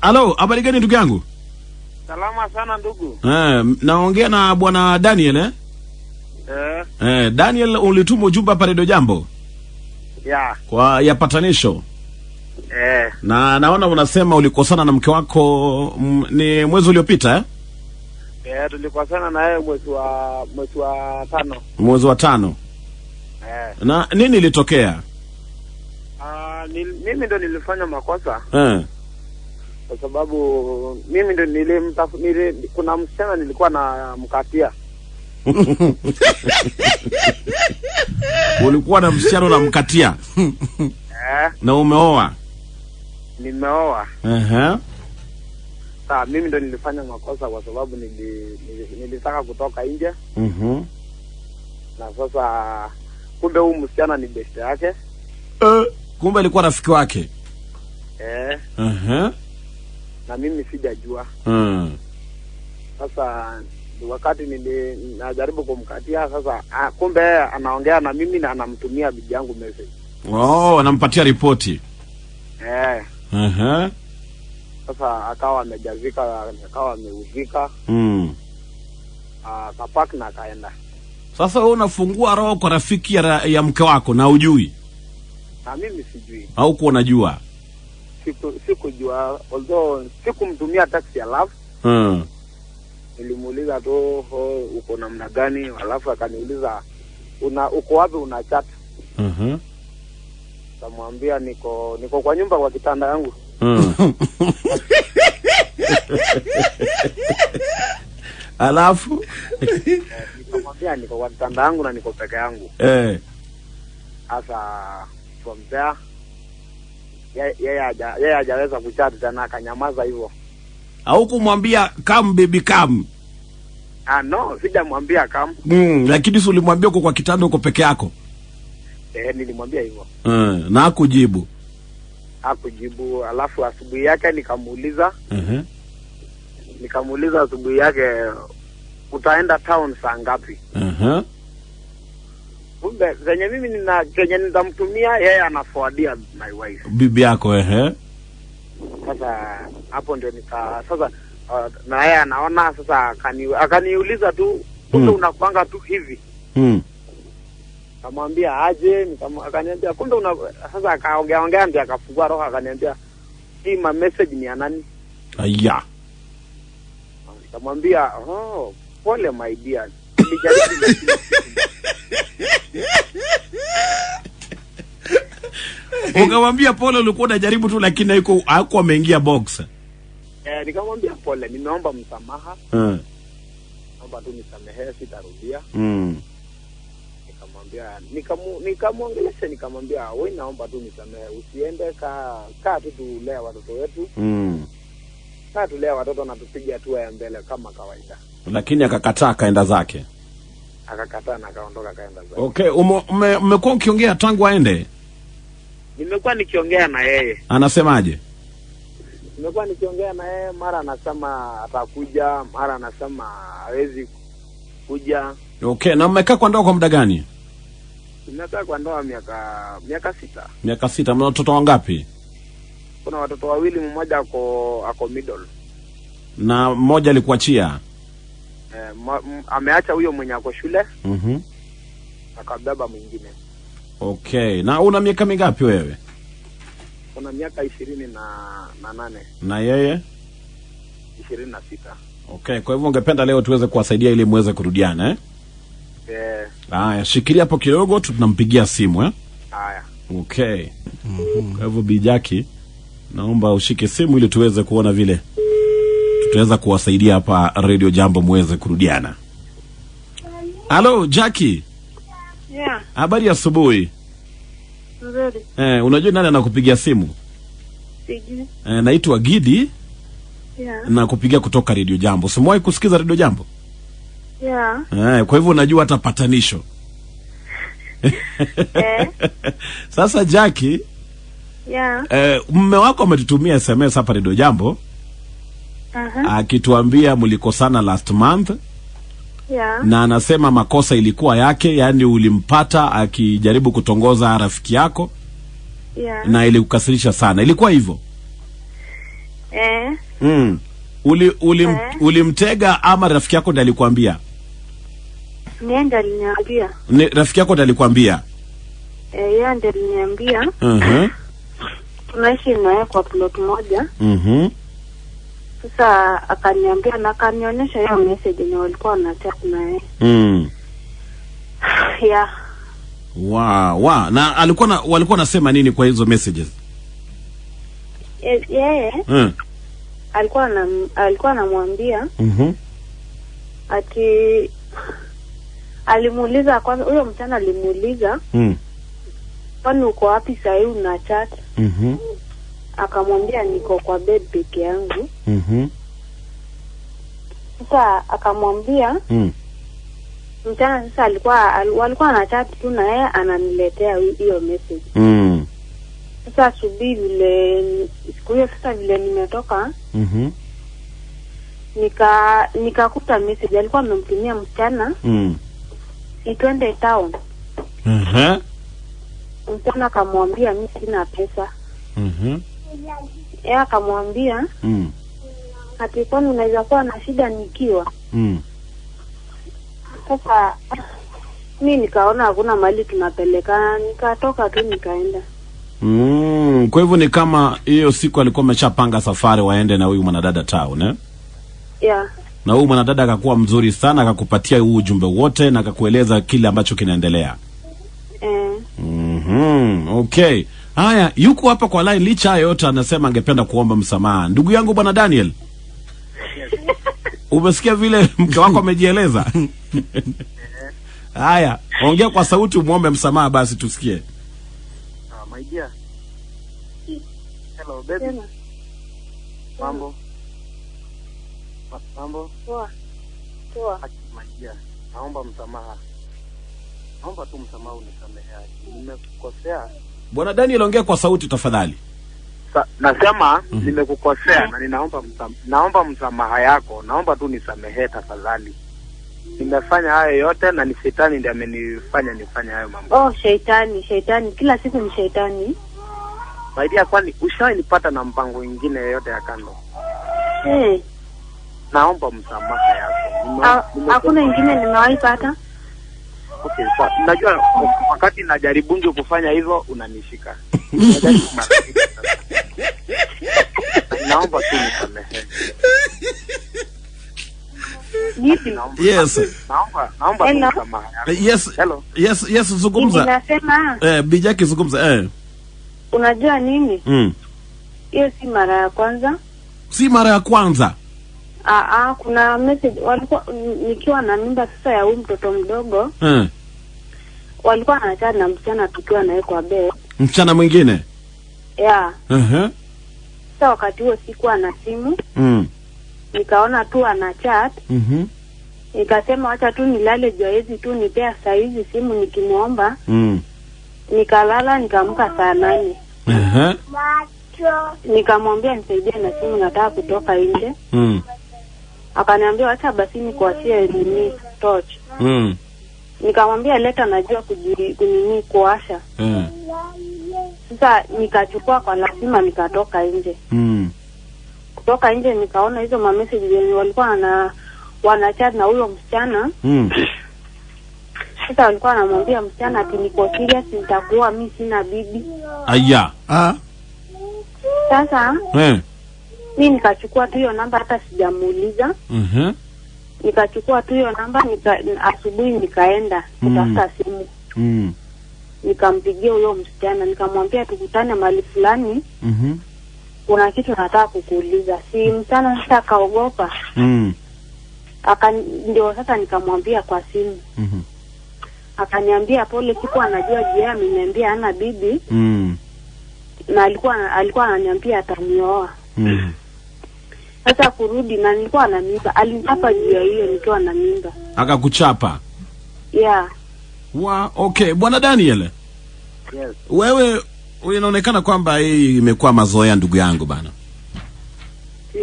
Halo, habari gani ndugu yangu? Salama sana ndugu. Eh, naongea na bwana Daniel eh? Eh. Eh, Daniel ulituma ujumbe hapa Radio Jambo. Ya. Kwa ya patanisho. Eh. Na naona unasema ulikosana na mke wako m, mm, ni mwezi uliopita eh? Eh, tulikosana na yeye mwezi wa mwezi wa tano. Mwezi wa tano. Eh. Na nini ilitokea? Ah, uh, mimi ndo nilifanya makosa. Eh kwa sababu mimi ndo nilimtafu nili, kuna msichana nilikuwa na mkatia ulikuwa na msichana unamkatia eh? na umeoa? Nimeoa. uh -huh. Saa mimi ndo nilifanya makosa kwa sababu nili, nili, nilitaka kutoka nje mm -hmm. na sasa kumbe huu msichana ni best yake. Uh, kumbe alikuwa rafiki wake eh. uh -huh na mimi sijajua. Mm. Sasa wakati nili najaribu kumkatia sasa, ah, kumbe anaongea na mimi na anamtumia bibi yangu message. Oh, anampatia ripoti. Eh. Uh-huh. Sasa akawa amejazika, akawa ameuzika. Mm. Ah, Akapak na akaenda. Sasa wewe unafungua roho kwa rafiki ya, ya mke wako na ujui? Na mimi sijui. Au kuwa unajua? siku sikujua although sikumtumia taxi alafu mm. nilimuuliza tu oh, uko namna gani alafu akaniuliza una uko wapi una chat mm -hmm. kamwambia niko niko kwa nyumba kwa kitanda yangu mm. alafu nikamwambia niko kwa kitanda yangu na niko peke yangu eh. sasa hey. from there yeye hajaweza kuchat tena, akanyamaza hivyo. Haukumwambia kam baby kam? Ah, no, sijamwambia kam. Mm, lakini si ulimwambia uko kwa kitanda uko peke yako? Eh, nilimwambia hivyo. Mm, na hakujibu. Hakujibu, alafu asubuhi yake nikamuuliza. Mhm. Uh -huh. Nikamuuliza asubuhi yake utaenda town saa ngapi? Mhm. Uh -huh zenye mimi nina zenye nitamtumia yeye anafuadia my wife bibi yako ehe. Sasa hapo ndio nika sasa uh, na yeye anaona sasa, akani akaniuliza tu kumbe mm. unakuanga tu hivi mm. Kamwambia aje, akaniambia kumbe una sasa, akaongea ongea ndio akafungua roho akaniambia hii ma message ni ya nani? Aya, kamwambia oh, pole my dear, Ukamwambia pole, ulikuwa unajaribu tu, lakini haiko hako ameingia box. Eh, nikamwambia pole, nimeomba msamaha. Mm. Naomba tu nisamehe, sitarudia. Mm. Nikamwambia nikamu nikamwongelesha, nikamwambia wewe, naomba tu nisamehe, usiende ka kaa tu tulea watoto wetu. Mm. Kaa tulea watoto na tupige hatua ya mbele kama kawaida. Lakini akakataa akaenda zake akakataa na akaondoka akaenda zake. Okay, umekuwa ukiongea tangu aende? Nimekuwa nikiongea na yeye. Anasemaje? Nimekuwa nikiongea na yeye, mara anasema atakuja, mara anasema hawezi kuja. Okay, na mmekaa kwa ndoa kwa muda gani? Tumekaa kwa ndoa miaka miaka sita. Miaka sita. Mna watoto wangapi? Kuna watoto wawili, mmoja ako ako middle na mmoja alikuachia eh, ameacha huyo mwenye ako shule mm -hmm. akabeba mwingine okay na una miaka mingapi wewe una miaka ishirini na, na nane na yeye ishirini na sita okay kwa hivyo ungependa leo tuweze kuwasaidia ili muweze kurudiana eh? yeah. haya shikilia hapo kidogo tunampigia simu eh? haya okay mm -hmm. kwa hivyo bijaki naomba ushike simu ili tuweze kuona vile tutaweza kuwasaidia hapa Radio Jambo muweze kurudiana. Halo Jackie. Yeah. Habari ya asubuhi. Nzuri. Eh, unajua nani anakupigia simu? Sijui. Eh, naitwa Gidi. Yeah. Na kupigia kutoka Radio Jambo. Simewahi kusikiza Radio Jambo? Yeah. Eh, kwa hivyo unajua hata patanisho. Eh. Sasa Jackie. Yeah. Eh, mume wako ametutumia SMS hapa Radio Jambo akituambia mlikosana last month yeah. na anasema makosa ilikuwa yake, yaani ulimpata akijaribu kutongoza rafiki yako yeah. na ilikukasirisha sana, ilikuwa hivyo eh. mm. Uli, ulim, eh. ulimtega ama rafiki yako ndiye alikwambia? Ni rafiki yako ndiye alikwambia? Eh, ndiye aliniambia. Mhm. Tunaishi naye kwa plot moja. Mhm. Uh sasa akaniambia na akanionyesha hiyo message yenye walikuwa wanachat na yeye mm. yeah. wa wow, wa wow. na alikuwa na walikuwa nasema nini kwa hizo messages yeye yeah. Hmm. yeah. alikuwa na alikuwa anamwambia mm -hmm. ati alimuuliza kwanza, huyo mchana alimuuliza mm. kwani uko wapi sahii una chat mm -hmm akamwambia niko kwa bed peke yangu. Mhm. Sasa akamwambia mm. mchana sasa alikuwa al, walikuwa na chat tu na yeye ananiletea hiyo message. Mm. Sasa asubuhi vile siku hiyo sasa vile nimetoka mm -hmm. nika nikakuta message alikuwa amemtumia msichana mm. itwende town. Mhm. Mm msichana akamwambia mi sina pesa. Mhm. Mm yeye akamwambia mm. ati kwani unaweza kuwa na shida nikiwa mm. Sasa mi nikaona hakuna mali tunapelekana, nikatoka tu nikaenda. Mm, kwa hivyo ni kama hiyo siku alikuwa ameshapanga safari waende na huyu mwanadada town eh? Yeah. Na huyu mwanadada akakuwa mzuri sana, akakupatia huu ujumbe wote na akakueleza kile ambacho kinaendelea. Eh. Mm -hmm. Okay. Haya, yuko hapa kwa line, licha haya yote anasema angependa kuomba msamaha. Ndugu yangu bwana Daniel, umesikia vile mke wako amejieleza? Haya, ongea kwa sauti, umwombe msamaha basi tusikie. Ah, Hello baby. Mambo. Mm. Mambo. Poa. Poa. Ah, Naomba msamaha. Naomba tu msamaha unisamehe. Nimekukosea. Bwana Daniel, ongea kwa sauti tafadhali. Sa, nasema mm -hmm. Nimekukosea na ninaomba msam, naomba msamaha yako, naomba tu nisamehe tafadhali. Nimefanya hayo yote na ni shetani ndiye amenifanya nifanye hayo mambo. Oh, shetani, shetani kila siku ni shetani. Baidia, kwani nipata na mpango mwingine yoyote ya kando? Eh. Hey. Naomba msamaha yako. Ah, hakuna ingine nimewahi pata. Okay, sawa. Unajua wakati najaribu nje kufanya hivyo unanishika. Naomba tu nisamehe. Yes. Naomba, naomba eh, Yes. Hello. Yes, yes zungumza. Ninasema. Eh, Bijaki zungumza. Eh. Unajua nini? Mm. si mara ya kwanza. Si mara ya kwanza. Aa, ah, ah, kuna message walikuwa nikiwa na mimba sasa ya huyu mtoto mdogo mm. walikuwa wanachana na msichana tukiwa naye kwa bed, msichana mwingine yeah. uh -huh. Sasa wakati huo sikuwa na simu mm. nikaona tu ana chat mm -hmm. Nikasema wacha tu nilale jua hizi tu nipea saa hizi simu nikimwomba mm. Nikalala nikamka saa nane uh -huh. Nikamwambia nisaidie na simu, nataka kutoka nje mm akaniambia wacha basi nikuachie nini torch mm. nikamwambia leta najua kunini kuasha mm. sasa nikachukua kwa lazima nikatoka nje mm. kutoka nje nikaona hizo mameseji zenye walikuwa na wanachat na huyo msichana mm. sasa walikuwa anamwambia msichana ati niko serious nitakuwa mi sina bibi aya ah. sasa mm mi nikachukua tu hiyo namba, hata sijamuuliza. mm-hmm. nikachukua tu hiyo namba nika, asubuhi nikaenda kutafuta mm. simu mm. nikampigia huyo msichana nikamwambia tukutane mali fulani mm -hmm. kuna kitu nataka kukuuliza. Si msichana hata akaogopa mm. aka ndio sasa nikamwambia kwa simu mm -hmm. akaniambia pole, siku anajua jia ameniambia ana bibi mm. na alikuwa alikuwa ananiambia atamioa mm hata kurudi na nilikuwa na mimba, alinichapa juu ya hiyo nikiwa na mimba. Akakuchapa? Yeah. Wa, okay, Bwana Daniel. Yes. Wewe inaonekana kwamba hii imekuwa mazoea ndugu yangu bana.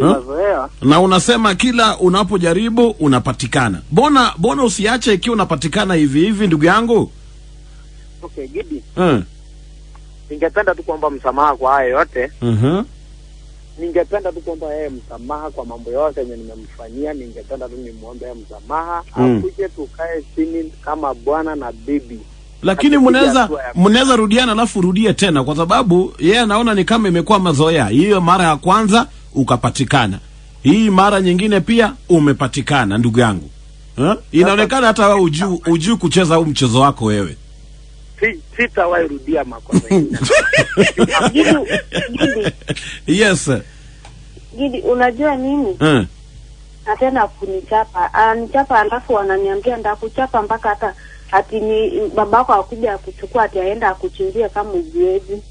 Huh? Na unasema kila unapojaribu unapatikana. Bona bona usiache ikiwa unapatikana hivi hivi ndugu yangu. Okay, Gidi. Eh. Ningependa tu kuomba msamaha kwa haya yote. Mhm. Uh -huh ningependa tu kuomba yeye msamaha kwa mambo yote yenye nimemfanyia. Ningependa tu nimwombe yeye msamaha mm. akuje tukae chini kama bwana na bibi lakini mnaweza mnaweza rudiana, alafu rudie tena, kwa sababu yeye yeah, anaona ni kama imekuwa mazoea. Hiyo mara ya kwanza ukapatikana, hii mara nyingine pia umepatikana, ndugu yangu ha? Inaonekana hata wewe ujui kucheza huu mchezo wako wewe sitawahi rudia makosa Gidi, unajua nini uh. Na tena kunichapa ananichapa, ah, alafu ananiambia ndakuchapa mpaka hata ati ni babako akuja akuchukua ati aenda akuchinjia kama ujiwezi.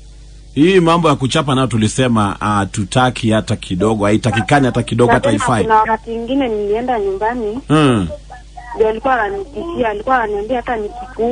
Hii mambo ya kuchapa nayo tulisema ah, hatutaki uh, hata kidogo, haitakikani hata kidogo, hata haifai. Kuna wakati ingine nilienda nyumbani mm. Ndio alikuwa ananitishia, alikuwa ananiambia hata nikikuua